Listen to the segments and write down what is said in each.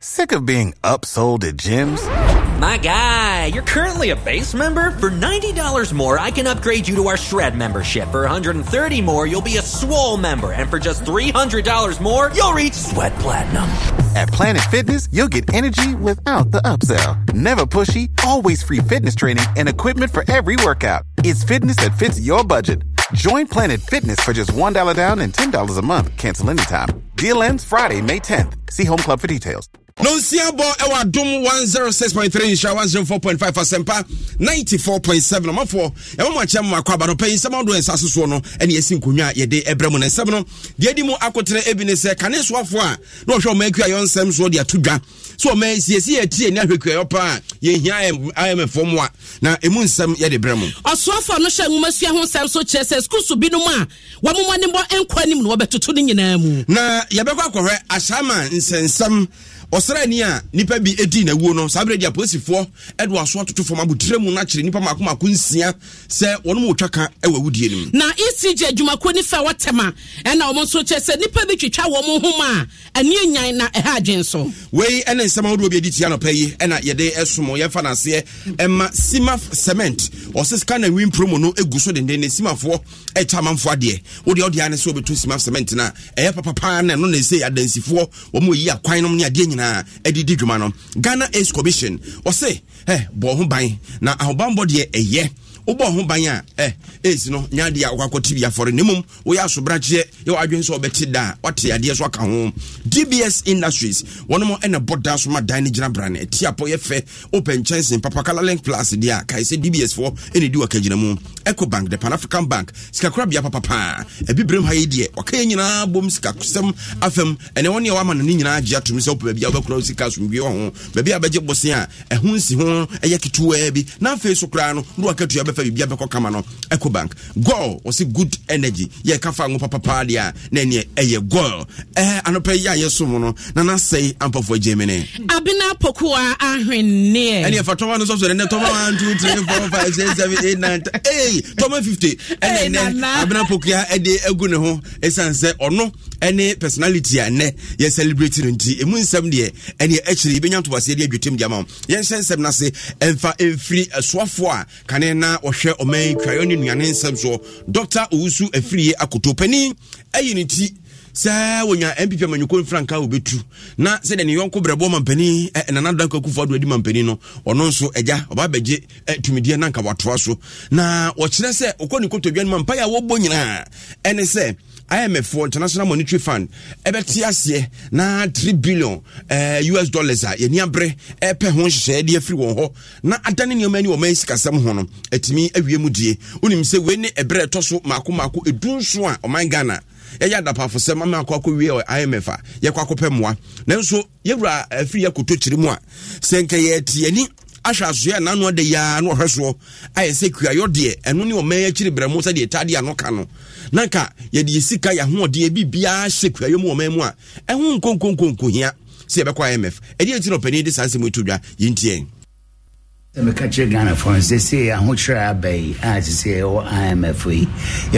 Sick of being upsold at gyms? My guy, you're currently a base member. For $90 more, I can upgrade you to our Shred membership. For $130 more, you'll be a Swole member. And for just $300 more, you'll reach Sweat Platinum. At Planet Fitness, you'll get energy without the upsell. Never pushy, always free fitness training and equipment for every workout. It's fitness that fits your budget. Join Planet Fitness for just $1 down and $10 a month. Cancel anytime. Deal ends Friday, May 10th. See Home Club for details. nonsia bɔ ɛwɔ adom 106.3 nhyira 104.5 asɛmpa 94.7 ɔmafoɔ ɛma mo akyerɛ mmakɔ aba no pɛyinsɛm ahodoɔ ɛnsa sosoɔ no ɛne ɛsi nkonnwa a yɛde ɛbrɛ mu no nsɛm no deɛ di mu akotene ebi ne sɛ kane soafoɔ a na ɔhwɛ ɔma akua yɛ nsɛm soɔ de ato dwa so ɔma siesie yɛti ani ahwɛ kuayɔ paa a yɛhia imfɔ mu a na ɛmu nsɛm yɛde brɛ mu ɔsoafoɔ no hyɛ nwoma sua ho nsɛm so kyerɛ sɛ skul so na wɔbɛtoto no nyinaa mu na ɔsraani a nipa bi edi na wuo no saa abirɛ di apolisifoɔ ɛde waso atoto fam abotire mu n'akyerɛ nipa mako mako nsia sɛ wɔn mo twa ɛwɔ awudie nim. na ecg adwumakuo ne fa wɔtɛm a ɛna wɔn nso kyerɛ sɛ nipa bi twitwa wɔn ho ma ani enyan na ɛha adwen so. wei ɛna nsɛm ahodoɔ bi edi tia nɔpɛ yi ɛna yɛde ɛsom yɛfa n'aseɛ ɛma sima cement ɔsɛ sika na win promo no egu so denden ne simafoɔ ɛkyɛ amanfoɔ adeɛ wodeɛ ɔdeɛ anisɛ obetu sima cement na ɛyɛ papapaa na ɛno na ɛsɛ adansifoɔ wɔn mo yi akwan nom ne adeɛ nyina nyinaa ɛde di dwuma no ghana ace commission ɔse eh, bɔ ho ban na ahobanbɔ deɛ ɛyɛ eh, wobɔ ho ban a ɛ ɛsi no nyɛ adeɛ a wokakɔ tv afɔre na mmom woyɛ asobrakyeɛ yɛwɔ adwene sɛ wɔbɛte da a woate adeɛ so aka ho dbs industries wɔnom ɛna bɔ da so ma dan no gyina bra no ɛti apɔ yɛfɛ open chansen papa calalink plus deɛ a kae sɛ dbs ɛne di wakagyina mu eco bank the pan african bank sikakorabea papapaa abibrɛm ha yi deɛ waka yɛ nyinaa bom sikasɛm afam ɛne wɔne ɛwɔ ama no ne nyinaa gye atomi sɛ wopɛ baabi a wobɛkora wo sika asomdwie wɔ ho baabi a bɛgye bose a ɛho nsi ho ɛyɛ ketewaa bi na afei so koraa no ne wakatua bɛf fa biribia bɛkɔ kama no eco bank gol ɔse good energy yɛka fa ngo papapaa deɛ a na ɛneɛ ɛyɛ gol eh, anɔpɛ yi a yɛsom no na nasɛe ampafoɔ gyemi ne abena pokoa ahwenneɛ ɛneɛ fa tɔma no sɔsɔre nɛ tɔma 1 2 3 4 5 6 7 8 9 ei tɔma 50 ɛne nɛ abena pokoa ɛde agu ne ho ɛsiane sɛ ɔno ɛne personality a nnɛ yɛ celebrate no nti ɛmu nsɛm deɛ ɛneɛ akyiri yɛbɛnya ntobaseɛ de adwutam deɛ ama wo yɛnhyɛ nsɛm no ase ɛmfa ɛmfiri ɛsoafoɔ a kane na ɔhwɛ ɔman twaeɛ ne nnuane nsɛm soɔ dɔkta owusu afirie akoto panin ayi ne ti sɛ wɔnya mpp amanyɔko mfrankaa wɔbɛtu na sɛdeɛ ne yɔnko brɛbɔ mampani eh, nana da kakufo ado mampani no ɔno nso agya ɔba bɛgye eh, tumideɛ na nka watoa so na wɔkyerɛ sɛ ɔkɔ ne kotodwa no ma mpaeɛ a wɔbɔ nyinaa ɛne sɛ imf international monetary fund ɛbɛte aseɛ na three billion eh, us dollars a yɛni aberɛ ɛpɛ ho nhyehyɛeɛ de afiri wɔn hɔ na adane nneɛma ani wɔma sikasɛm ho no atumi awie mu die wonim sɛ wei ne ɛberɛ ɛtɔ so maako maako ɛdu nso a ɔman ghana yɛyɛ adapafo sɛ mama akɔ akɔwie imf a yɛkɔ akɔpɛ mmoa nanso yɛwura afiri eh, yɛkoto kyiri mu a sɛ nka yɛte yɛni ahwɛ asoɛ nano de yaa na ɔhwɛ soɔ ayɛ sɛ kuayɔ deɛ ɛno ne ɔma akyiri berɛ mu sɛdeɛ ɛtadeɛ ano ka no na nka yɛde yɛsika yɛahoɔdeɛ biribiaa hyɛ kuayɔ mu ɔma mu a ɛho nkonkonkonko hia sɛ yɛbɛkɔ imf ɛdeɛ nti na ɔpani de saa nsɛm ɛto dwa yɛntiɛn meka kyerɛ ghanafoɔ no sɛ sei ahokyerɛ aba yi a te sɛ ɛwɔ imf yi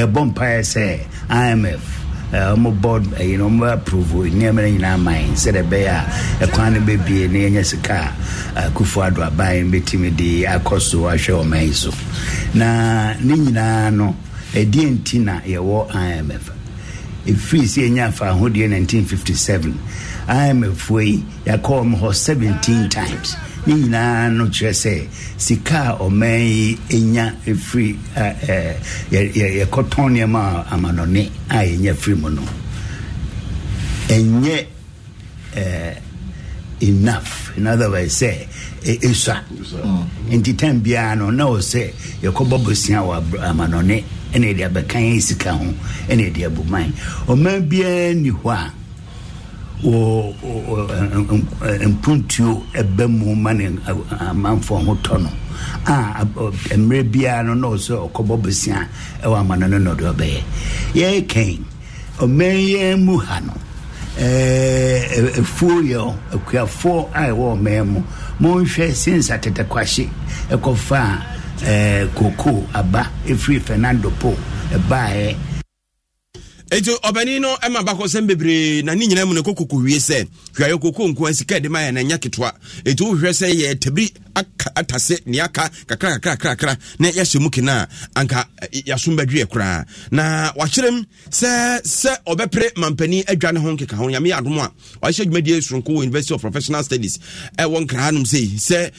yɛbɔ mpaeɛ sɛ imf ɔmo eh, board ɛyi eh, no ɔmo approve eh, nneɛma no nyinaa man sɛdeɛ ɛbɛyɛ a ɛkwan no bebie na yɛnyɛ sika a akufo ado aban bɛtumi de akɔ so ahwɛ ɔman yi so na ne nyinaa no ɛdeɛ nti na yɛwɔ imf ɛfiri sɛ yɛnya afa ahodeɛ 1957 imf yi yɛakɔ ɔmo hɔ 17 times ne nyinaa no kyerɛ sɛ sika a ɔman yi ɛnya ɛfiri yɛkɔtɔn nneɛma a amanɔne a yɛnya firi mu no ɛnyɛ enough in other words sɛ ɛsua e, nti tam biara no na ɔ sɛ yɛkɔbɔ bosea wɔ amanɔne ɛna yɛde abɛkan sika ho ɛna yɛde abuman ɔman biara nni hɔ a Eh, mpontuo ɛbɛ mu ma ne amanfo ho tɔ no a mmerɛ biara no na ɔsɛ ɔkɔbɔ bosia ɛwɔ amano no nɔde ɔbɛyɛ yɛrekɛn ɔman yɛn mu ha no ɛfuo yɛ akuafoɔ a ɛwɔ ɔman mu monhwɛ sinsa tetekwahye ɛkɔfaa koko aba ɛfiri fernando po ɛbaeɛ nti ɔbani no ma bakɔsɛm bebree na ne nyinaa mu no ɛkɔkɔkɔ wie sɛ hwɛyɛ kɔkɔ nkoa sika de ma yɛ na ɛnyɛ ketewa ɛnti wohwɛ sɛ yɛ tabiri atase ne aka kakrakakrakrakra na yɛhyɛ mu kena a anka yɛasom bɛdweɛ koraa na wakyerɛm sɛ sɛ ɔbɛpere mampani adwa ne ho nkeka ho nyame yɛ adom a wahyɛ dwumadie soronko wɔ university of professional studies ɛwɔ e, nkraa nom sei sɛ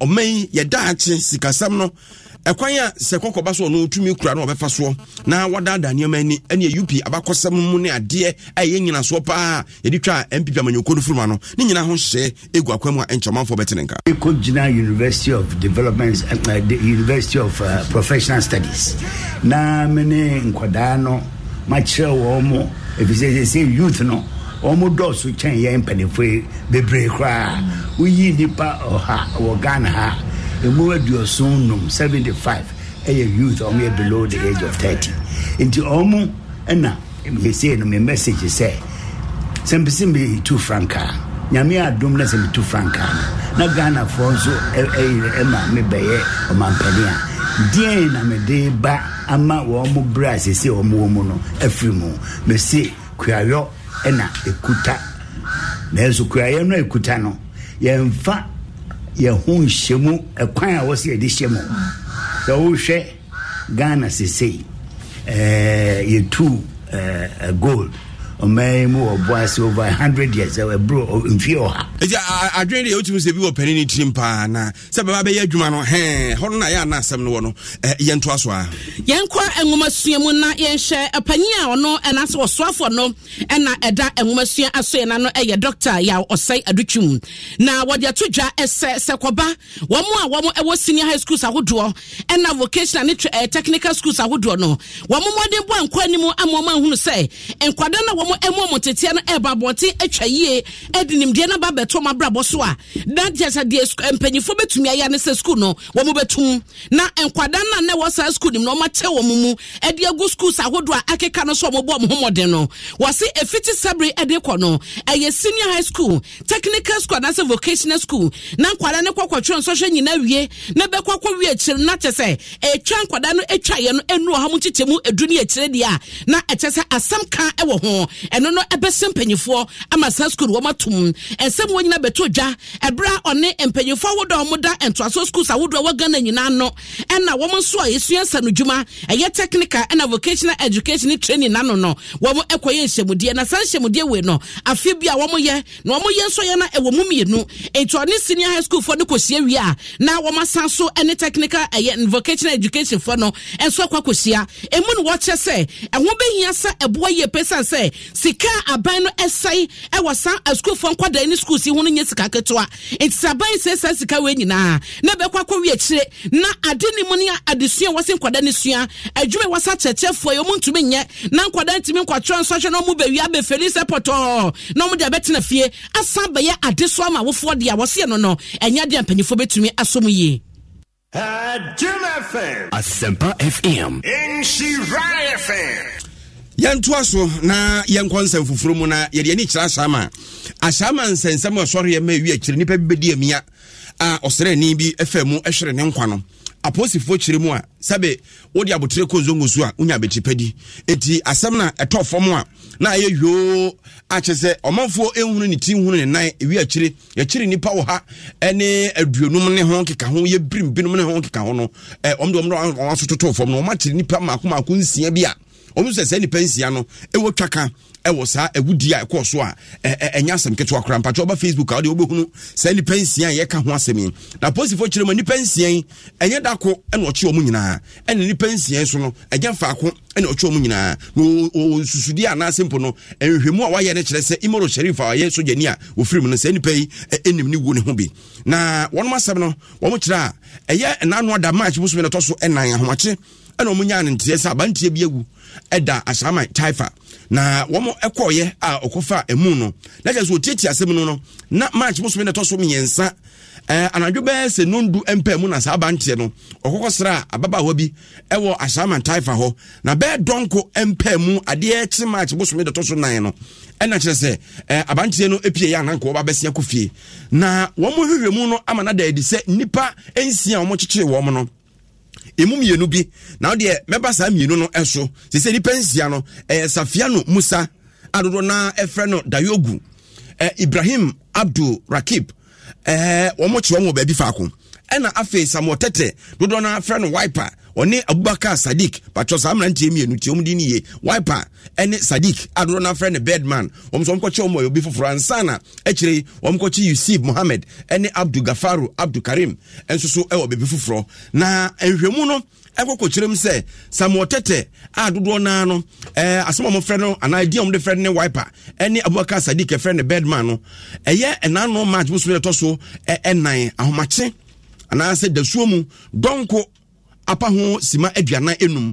ɔman e, yɛdaakye sikasɛm no ɛkwan a sɛ kɔkɔba so ɔno tumi kura na wadaadaa nneɛma ani ɛne up abakɔsɛm mu ne adeɛ a ɛyɛ nyinasoɔ paa yɛde twa mpp amanyɔkuo no furuma no ne nyina ho hyɛ ɛgu akwan mu a nkyɛmanfoɔ bɛtene nka ɛkɔgyina university of development eh, eh, eh, no makyerɛ wɔ mo ɛfisɛ sɛsɛ youth no bebree koraa nnipa ghana ha ɛmu aduɔson num five ɛyɛ youth ɔmo yɛ below the age of 30 nti ɔmo ɛna yɛsei no me message sɛ sɛ mpɛ sɛ metu frankaa nyame adom na sɛ metu frankaa no na ghanafoɔ nso ɛma mebɛyɛ ɔmampani a deɛn na de ba ama wɔn mo berɛ a sɛsɛ wɔ mu no afiri mu mese kuayɔ ɛna ɛkuta nanso kuayɔ no ɛkuta no yɛmfa yɛho nhyɛ mu ɛkwan a wɔsɛ yɛde hyɛ mu sɛ wohwɛ ghana sesei yɛtu gold ɔman yi mu wɔ bɔ ase over hundred years ɛburo mfie ɔha. ɛti adwene deɛ otumi sɛ bi wɔ panyin tirim paa na sɛ bɛba bɛyɛ adwuma no hɛn hɔ no na yɛ ana asɛm no wɔ no yɛn to aso a. yɛn kɔ nwoma sua mu na yɛn hyɛ panyin a ɔno ɛna sɛ ɔsoafo no ɛna ɛda nwoma sua aso yɛn ano ɛyɛ dɔkta yà ɔsɛe mu na wɔde ato dwa ɛsɛ sɛkɔba wɔn a wɔn ɛwɔ senior high schools ahodoɔ ɛna vocational ne technical schools ahodoɔ no wɔn mɔden bɔ nkɔ anim ama wɔn ahunu sɛ nkwadaa wɔn mu ɔmoteteɛ no ɛreba abɔnten atwa yie ɛde nimdeɛ no aba abɛtɔ wɔn abrabɔ so a na deɛ deɛ mpanyinfoɔ bɛtumi ne sɛ sukuu no na nkwadaa a na saa sukuu nim mu ɛde agu ahodoɔ a akeka no so wɔn bɔ wɔn ho mɔden no wɔsi efiti sabiri ɛde kɔ no ɛyɛ senior high school technical school anaasɛ vocational school na nkwadaa no nsɔhwɛ nyinaa wie na bɛkɔ akɔ wie akyire na kyɛ sɛ ɛtwa nkwadaa no atwa yɛ no na ɛkyɛ sɛ asɛm kan ɛno no ɛbɛsɛ mpanyinfoɔ ama saa school wɔn atum ɛnsɛm wɔn nyinaa bɛtɔ dwa ɛbrɛ ɔne mpanyinfoɔ ahodoɔ a wɔn da ntoaso schools ahodoɔ wɔ ghana nyinaa no ɛna wɔn nso a yɛsua nsano dwuma ɛyɛ technical ɛna vocational education training nano no wɔn ɛkɔyɛ nhyɛmudeɛ na SAN nhyɛmudeɛ wei no afe bi a wɔn yɛ na wɔn yɛ nso yɛ na ɛwɔ mu mmienu nti senior high school foɔ no kɔsia wie a na wɔn asan so ɛne technical ɛyɛ vocational education foɔ no ɛnso akɔ akɔsia emu no wɔkyɛ sɛ ɛho bɛhia sɛ ɛboa yie pɛ sika aban no ɛsɛe ɛwɔ saa asukuufoɔ nkwadaa ne skuul si ho no nyɛ sika ketewa nti aban sɛ saa sika wei nyinaa na bɛkɔ akɔ wie akyire na ade ne mu ne adesua wɔse nkwadaa ne sua adwuma wɔsa kyerɛkyerɛfoɔ yɛ ɔmo ntumi nyɛ na nkwadaa ntumi nkwakyerɛ nso ahwɛ na ɔmo bɛwia bɛfɛli sɛ pɔtɔɔ na ɔmo de abɛtena fie asan bɛyɛ ade so ama awofoɔ deɛ wɔseɛ no no ɛnyɛ adeɛ mpanyinfoɔ bɛtumi asom yie Jim FM. Asempa FM. Inshirai FM. yɛntoa so na yɛnkɔ nsɛm foforɔ mu na yɛde ani kyerɛ ahyɛama a ahyɛama nsɛnsɛm a ɔsɔreɛ ma awi akyire nnipa bi bɛdi amia a ɔsrɛni bi fa mu hwere ne nkwa no aposifoɔ kyerɛ mu a sɛbe wode abotire kɔ nzongo so a wonya bɛkyipɛ padi enti asɛm na ɛtɔ fam a na ɛyɛ hwoo akyɛ sɛ ɔmanfoɔ ɛhunu ne ti hunu ne nan ɛwi akyire yɛkyere nnipa wɔ ha ɛne aduonum ne ho keka ho yɛbirim binom ne ho keka ho no ɔmde ɔmde ɔmaso fam no ɔmakyere nnipa maakomaako nsia bi a ɔno sɛ sɛ nipa nsia no ɛwɔ twa ka ɛwɔ saa awudi a ɛkɔɔ so a ɛnyɛ asɛm ketewa koraa mpatwa ɔba facebook a wode wobɛhunu saa nipa nsia a ho asɛm yi na posifoɔ kyerɛ mu nipa nsia yi ɛnyɛ dako ɛna ɔkye ɔmo nyinaa ɛna nipa nsia so no ɛnyɛ mfaako ɛna ɔkye ɔmo nyinaa na nsusudie anaasɛ mpo no nhwɛmu a wayɛ no kyerɛ sɛ imoro sharif a ɔyɛ sogyani a wɔfiri mu no saa nipa yi ɛnim ne wuo ne ho bi na wɔnom asɛm no wɔmo kyerɛ a ɛyɛ ɛnaano ada match bosomi na ɛtɔ so ɛnan ahomakye ɛna ɔmo nyaa ne nteɛ sɛ abanteɛ bi agu ɛda asaman taifa na wɔn ɛkɔɔyɛ a ɔkɔfa ɛmu no na kyerɛ sɛ otiatia asɛm no no na march bosome na ɛtɔ so mmiɛnsa ɛɛ anadwo bɛyɛ sɛ nondu mpɛ mu na saa abanteɛ no ɔkɔkɔ sra ababaawa bi ɛwɔ asaman taifa hɔ na bɛyɛ dɔnko mpɛ mu adeɛ kye march bosome na ɛtɔ so nan no ɛna kyerɛ sɛ ɛɛ abanteɛ no epie yɛ ananko ɔba abɛsia kɔ fie na wɔn hwehwɛ mu no ama na da adi sɛ nipa nsia wɔn kyekyere wɔn no ɛmu mmienu bi na wodeɛ mɛba saa mmienu no ɛso sɛsɛ nnipa nsia no ɛyɛ safiano musa adodo na ɛfrɛ no dayogu ibrahim abdul rakib wɔmo kyerɛ wɔn wɔ baabi faako ɛna afei samuel tɛtɛ dodoɔ no afrɛ no wiper ɔne abubakar sadik patwɔ saa mmeranteɛ mmienu nti ɔmde no ye wiper ɛne sadik a dodoɔ no afrɛ no birdman ɔm so ɔmkɔkye ɔmɔ obi foforɔ ansa na akyire ɔmkɔkye yusuf mohammed ɛne abdu gafaru abdu karim ɛnso so ɛwɔ baabi foforɔ na nhwɛmu no ɛkɔkɔkyerɛm sɛ samuel tɛtɛ a dodoɔ naa no ɛɛ asɛm a wɔfrɛ no anaa di a wɔde frɛ ne wiper ɛne abubakar sadik ɛfrɛ no birdman no ɛyɛ ɛnanom match bosom ɛtɔ so ɛnan anaasɛ dasuo mu dɔnko apa ho sima aduanan enum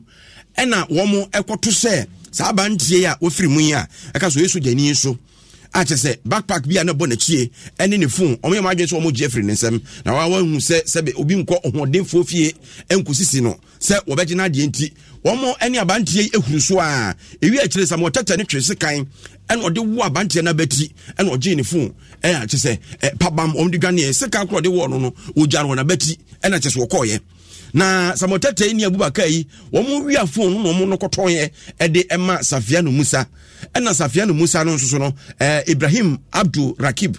ɛna wɔn ɛkɔto sɛ saa abantie a wɔfiri mu yi a ɛka so yesu dani so akyɛ sɛ backpack bi a na bɔ n'akyi ɛne ne phone ɔmo yɛ mo adwene sɛ ɔmo gye ne nsam na wa wa hu sɛ sɛbi obi nkɔ ɔhoɔdenfoɔ fie nkosisi no sɛ wɔbɛgye n'adeɛ nti wɔn ɛne abanteɛ yi ehuru so a ewi akyire sam wɔtɛtɛ ne twere sekan ɛna ɔde wo abanteɛ no ɛna ɔgye ne phone ɛna akyɛ sɛ ɛ pabam ɔmo de dwaneɛ sekan korɔ ɔde wɔ no no ogya no wɔn abɛti ɛna akyɛ sɛ wɔkɔɔyɛ na samotete ni abubakar yi wɔn wia phone no na wɔn no kɔtɔn yɛ ɛde ɛma safia no musa ɛna safiano musa no nso so no ibrahim abdul rakib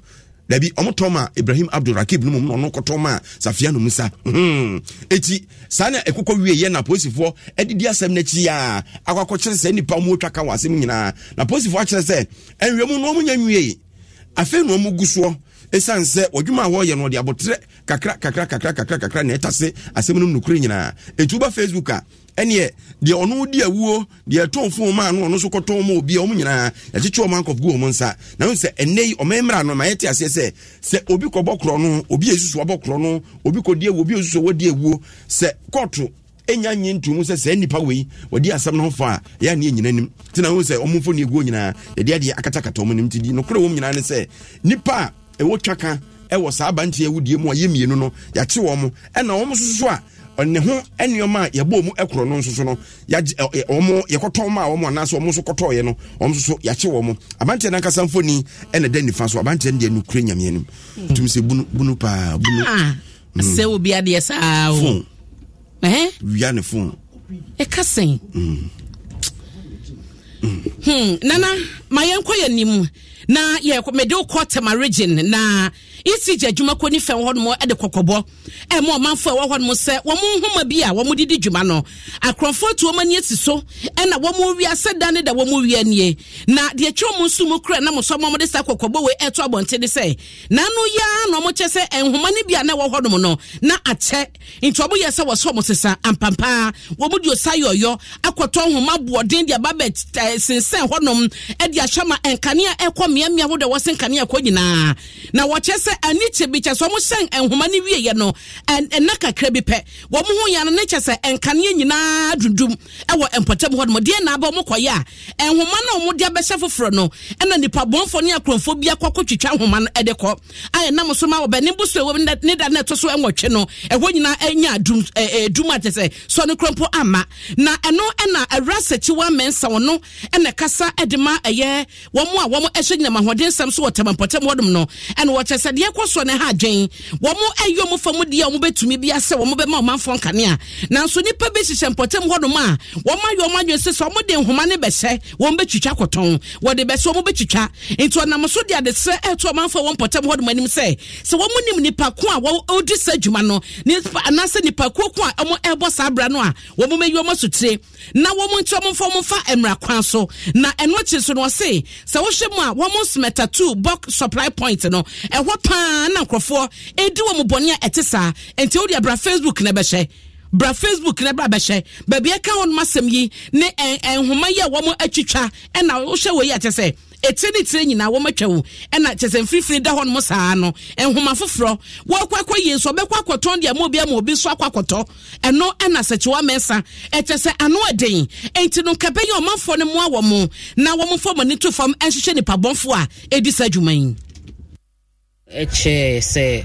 dabi ɔmo tɔn ma ibrahim abdul rakib no mu na ɔno kɔtɔn ma safiano musa hmm eti saa na ɛkokɔ wie yɛ na polisifoɔ ɛdidi asɛm n'akyi yɛ a akɔ akɔkyerɛ sɛ nipa ɔmo atwa ka wɔ asɛm nyinaa na polisifoɔ akyerɛ sɛ ɛnwia mu na ɔmo nya nwie afei na ɔmo gu soɔ ɛsiane sɛ ɔdwuma a wɔyɛ no ɔde abɔtrɛ kakra kakra kakra kakra kakra na ɛtase asɛm no mu nokorɛ nyinaa etu ba facebook a ɛneɛ deɛ ɔno di awuo deɛ ɛtɔn fon ma ano ɔno nso kɔtɔn ma obi a wɔn nyinaa yɛkyekyɛ wɔn ankɔf gu wɔn nsa na wɔn sɛ ɛnɛ yi ɔmɛn mmerɛ ano ma yɛte aseɛ sɛ sɛ obi kɔbɔ korɔ no obi esusu abɔ korɔ no obi kɔdi ewu obi esusu wɔdi ewu sɛ kɔɔto ɛnya nye ntumu sɛ sɛ nipa wei wɔde asɛm no ho fa a ɛyɛ aneɛ nyina nim nti na wɔn sɛ ɔmo mfoni eguo nyinaa yɛde adeɛ akatakata ɔmo nim ti di nokorɛ wɔn nyinaa ne sɛ nipa a ɛwɔ twaka ɛwɔ saa abanteɛ awudie mu a yɛ mmienu no yɛakye wɔn ɛna wɔn nso a ne ho nneɛma a yɛbɔ mu korɔ no nso so no wɔn yɛkɔtɔ mu a wɔn anaasɛ wɔn nso kɔtɔɔyɛ no wɔn nso so yɛakye wɔn abanteɛ n'ankasa mfoni ɛna da nifa so abanteɛ no deɛ no kure nyamea no tum sɛ bunu bunu paa bunu. asɛ ah, hmm. obi adeɛ saa o fon wia ne fon. ɛka sɛn. Hmm. Hmm, nana ma yɛn kɔ yɛn nimu. na yɛ mede wokɔ tema region na ecg adwuma kɔ ni fɛn hɔnom de kɔkɔbɔ ɛma ɔmanfo a ɛwɔ hɔnom sɛ wɔn nhoma bi a wɔn didi dwuma no akorɔfoɔ tu wɔn ani asi so ɛna wɔn wia sɛ dan da wɔn wia nie na deɛ twɛn mu nso mu kura nam so wɔn de sa kɔkɔbɔ wei ɛto abɔnten sɛ n'ano yaa na wɔn kyɛ sɛ nhoma no bi a na ɛwɔ hɔnom no na akyɛ nti wɔn yɛ sɛ wɔsɔ wɔn sesa ampampaa wɔn de osa yɔyɔ akɔtɔ nhoma boɔden de aba bɛ sensɛn hɔnom de ahyɛ ma nkanea ɛkɔ mmeammea wodeɛ wɔse nkanea kɔ nyinaa na wɔkyɛ sɛ ani kye bi kyɛ sɛ ɔmohyɛn nhoma no wieɛ no ɛna kakra bi pɛ wɔ mo ho yano ne kyɛ sɛ nkanea nyinaa dundum ɛwɔ mpɔtam hɔ nom deɛ naaba ɔmo kɔyɛ a nhoma no a ɔmode abɛhyɛ foforɔ no ɛna nipa bɔnfo ne akorɔmfo bi akɔ kɔtwitwa nhoma no ɛde kɔ a ɛnam so ma wɔbɛne bo so ɛwɔ ne da no ɛto so ɛwɔtwe no ɛhɔ nyinaa ɛnya adum adum a kyɛ sɛ sɔ ne ama na ɛno ɛna awura sɛkyiwa mmɛnsa no ɛna kasa ɛde ma ɛyɛ wɔn nam ahoɔden nsɛm so wɔ tɛmɛmpɔtɛm wɔdom no ɛna wɔkyɛ sɛ deɛ kɔ soɔ no ha adwen wɔn ayɔ wɔn fa mu deɛ wɔn bɛtumi bi asɛ wɔn bɛma wɔn afɔ nkanea nanso nipa bɛhyehyɛ mpɔtɛm wɔdom a wɔn ayɔ wɔn adwen sɛ sɛ wɔn de nhoma ne bɛhyɛ wɔn bɛtwitwa kɔtɔn wɔde bɛsɛ wɔn bɛtwitwa nti wɔnam so de adesrɛ ɛto wɔn afɔ wɔn mpɔtɛm wɔdom anim sɛ sɛ wɔn nim nipa ko a wɔdi sɛ adwuma no nipa anaasɛ nipa ko ko a wɔn ɛbɔ saa abira no a wɔn bɛyi wɔn asotire na wɔn nti wɔn fa wɔn fa mmira so na ɛno akyi so no wɔse sɛ wɔhyɛ wɔn smɛta two bulk supply point no ɛhɔ paa na nkurɔfoɔ edi wɔn bɔnne a ɛte saa nti o deɛ bra facebook na bɛhyɛ bra facebook na bra bɛhyɛ baabi ɛka wɔn asɛm yi ne ɛn nhoma yi a wɔn atwitwa ɛna ɔhyɛ wɔ yi ɛte sɛ ɛtire ne tire nyinaa wɔn atwa wo ɛna kyesɛ mfirifiri da hɔ nom saa no nhoma foforɔ wɔkɔ akɔ yie nso ɔbɛkɔ akɔtɔn deɛ mo bi ama obi nso akɔ akɔtɔ ɛno ɛna sɛkyiwa mɛnsa ɛkyɛ ano ɛden ɛnti no nkɛbɛ yi ɔmanfoɔ no mu awɔ mo na wɔn fɔ wɔn ani to fam ɛnhyehyɛ nipabɔnfoɔ a ɛdi saa adwuma yi. ɛkyɛ sɛ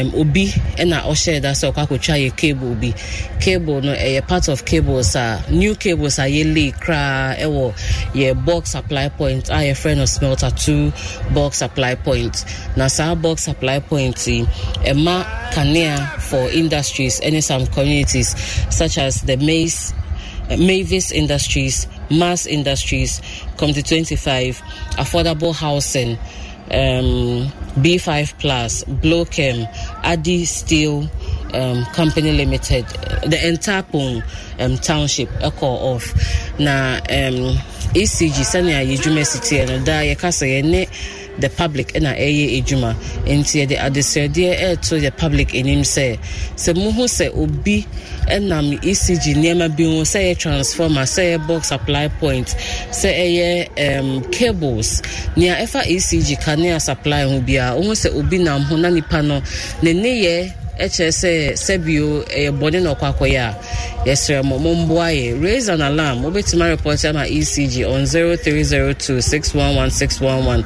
um, obi ɛna ɔhyɛ da sɛ ɔkɔ cable bi cable no ɛyɛ part of cables a new cables a yɛle koraa ɛwɔ yɛ box supply point a yɛfrɛ no smelter two box supply point na saa box supply point yi ɛma kanea for industries ɛne some communities such as the maize eh, mavis industries mass industries community 25 affordable housing um, B5 Plus, Blochem, Adi Steel um, Company Limited, uh, the entire Pong um, Township, a call off. Now, um, ECG, Sanya City and Daya Kasa, the public ɛna ɛyɛ adwuma nti yɛde a ɛreto the public anim sɛ sɛ muhu sɛ obi ɛnam ecg nneɛma bi ho sɛ ɛyɛ transformer sɛ ɛyɛ box supply point sɛ ɛyɛ um, cables nea ɛfa ecg kanea supply ho biara wohu sɛ obi nam ho na nipa no ne nneyɛ ɛkyerɛ sɛ sɛbio ɛyɛ bɔne na ɔkɔ akɔyɛ a yɛsrɛ mɔ yɛ raise an alarm wobɛtumi arepɔte ama ecg on 0302 611611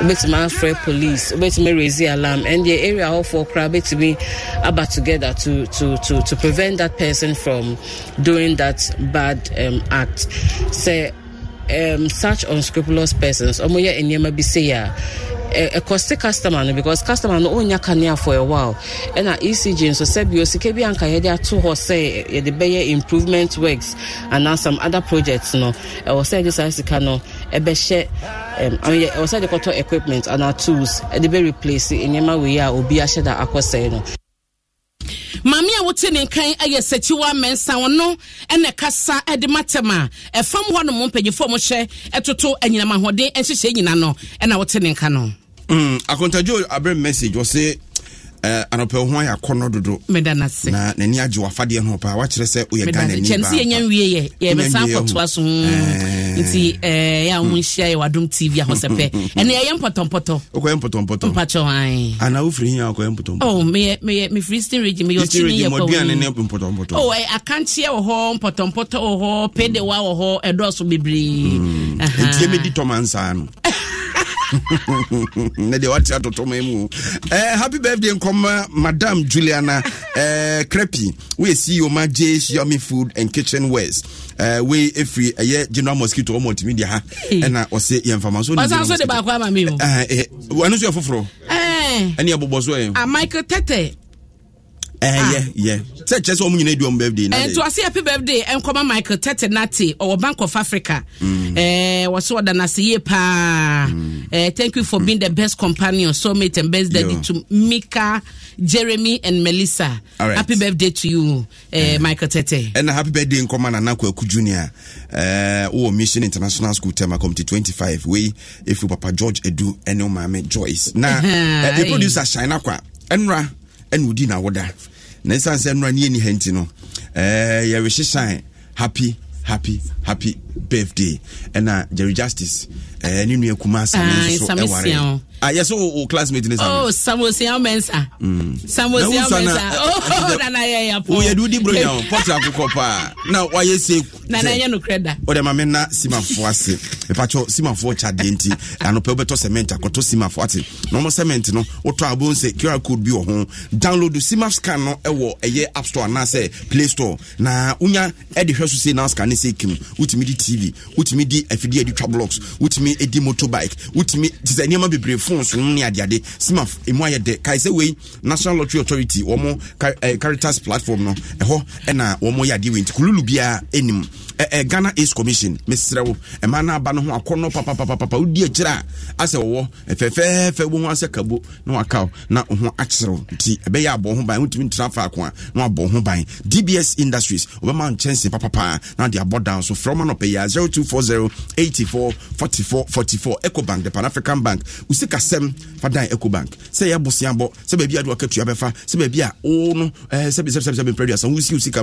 wobɛtumi afrɛ police wobɛtumi raise alarm in deɛ area hɔfoɔ koraa wobɛtumi aba together to, to, to, to prevent that person from doing that bad um, act sɛ um, such unscrupulous persons ɔmo yɛ nneɛma bi se ya. Eh, eh, a ɛkɔsi customer no because customer no ɔnya kanea for a while Ena ecg nso sɛbi osike bi anka yɛde ato hɔ sɛ yɛde bɛyɛ improvement works anaa some other projects no ɛwɔ eh, sɛ yɛde saa sika no ɛbɛhyɛ ɛwɔ sɛ yɛde kɔtɔ equipment anaa tools ɛde bɛ replace nneɛma wei a obi ahyɛ da akɔsɛɛ no. maame a wote ne nkan yɛ sɛkyiwa mɛnsa ɔno ɛna kasa ɛde matam a ɛfam hɔ nom mpanyinfoɔ mo hyɛ ɛtoto anyinam ahoɔden nhyehyɛ nyina no ɛna wote ne nka no. Mm, akontajo abere message wɔsi. Eh, anɔpɛ ho ayɛ akɔnnɔ dodo na n'ani agye wafadeɛ ho paa wakyerɛ sɛ woyɛ ghananikyɛm sɛ yɛnya wie yɛ yɛbɛsan kɔtoa so eh. nti eh, yɛ a mo tv a ho sɛ pɛ ɛne ɛyɛ mpɔtɔmpɔtɔ wokɔyɛ mpɔtɔmpɔtɔ mpakyɛ han anaa wofiri hi a wokɔyɛ mpɔtɔmpɔtɔ oh, meyɛ mefiri stin regi meyɛ ɔkyini yɛ kɔduane ne mpɔtɔmpɔtɔ o oh, akankyeɛ wɔ hɔ mpɔtɔmpɔtɔ wɔ hɔ pedewa wɔ hɔ ɛdɔɔso bebree hmm. ntiɛ mɛdi tɔma nsaa no ne deɛ wate atotoma mu eh, happy birthday nkɔma madam juliana eh, crepi woyɛ ceo ma j yummy food and kitchen wares eh, wei ɛfiri ɛyɛ eh, general mosquito ɔma ɔtumi deɛ ha ɛna ɔse yɛmfama so ɛno so yɛ foforɔ ɛne ɛbobɔ so ɛ michael tete ɛyɛ yɛ sɛ kyerɛ sɛ ɔmo nyina adu ɔmo birthday na ɛnto ase happy birthday ɛnkɔma eh, michael tete nati ɔwɔ bank of africa ɛɛ wɔsɛ ɔda n'ase yie paa ɛɛ thank you for being the best companion soulmate and best daddy to mika jeremy and melissa right. happy birthday to you ɛɛ uh, eh, eh. michael tete ɛna happy birthday nkɔma nana kwaku junior ɛɛ wɔ oh, mission international school tema committee twenty five wei efi papa george edu ɛne maame joyce na ɛɛ producer shine akwa ɛnura ɛna odi na awoda na ɛsiane sɛ nnora ne yɛni nti no eh, yɛrehyehyɛn happy happy happy birthday ɛna jerry justice Eh, ne nua kuma asameware yɛ sɛ o ah, oh, classmate ne samosia oh, mensa samosia mensawoyɛde wodi bronya o pɔt akokɔ paa na wayɛ sɛ nananyɛ nokorɛ da wode ma mena simafoɔ ase mepakyɛ simafoɔ kyadeɛ nti anɔpɛ wobɛtɔ cement akɔtɔ simafoɔ ate na ɔmɔ cement no wotɔ abom sɛ qr code bi wɔ ho download simaf scan no ɛwɔ e ɛyɛ e app store anaasɛ play store na wonya ɛde e hwɛ so sei na scan ne se kim wotumi de tv wotumi de afidie de twa blocks wotumi wotumi di motorbike wotumi te sɛ nneɛma bebree phones no ne adeade smaf ɛmu ayɛ dɛ kae sɛ wei national lottery authority wɔn eh, caritas platform no ɛhɔ eh, ɛna eh, wɔn yɛ adeɛ wei nti kululu biara anim ɛɛ ghana ace commission mesrɛ wo ɛmaa no aba no ho akɔnɔ papapapapa wodi akyirɛ a asɛ wɔwɔ fɛfɛɛfɛ wo ho asɛ kabo na waka wo na wo ho akyerɛw nti ɛbɛyɛ abɔ ho ban wotumi ntena faako a na wabɔ ho ban dbs industries wɔbɛma nkyɛnse papapaa na de abɔ down so zero two four zero eighty four forty four. 44 ecobank the pan african bank wo sikasɛm fa dan ecobank sɛ yɛ aboseabɔ sɛ baabi ade wakatua bɛfa sɛ baabi a wo no sɛbsɛ bɛmprɛ duasa wo si wo sika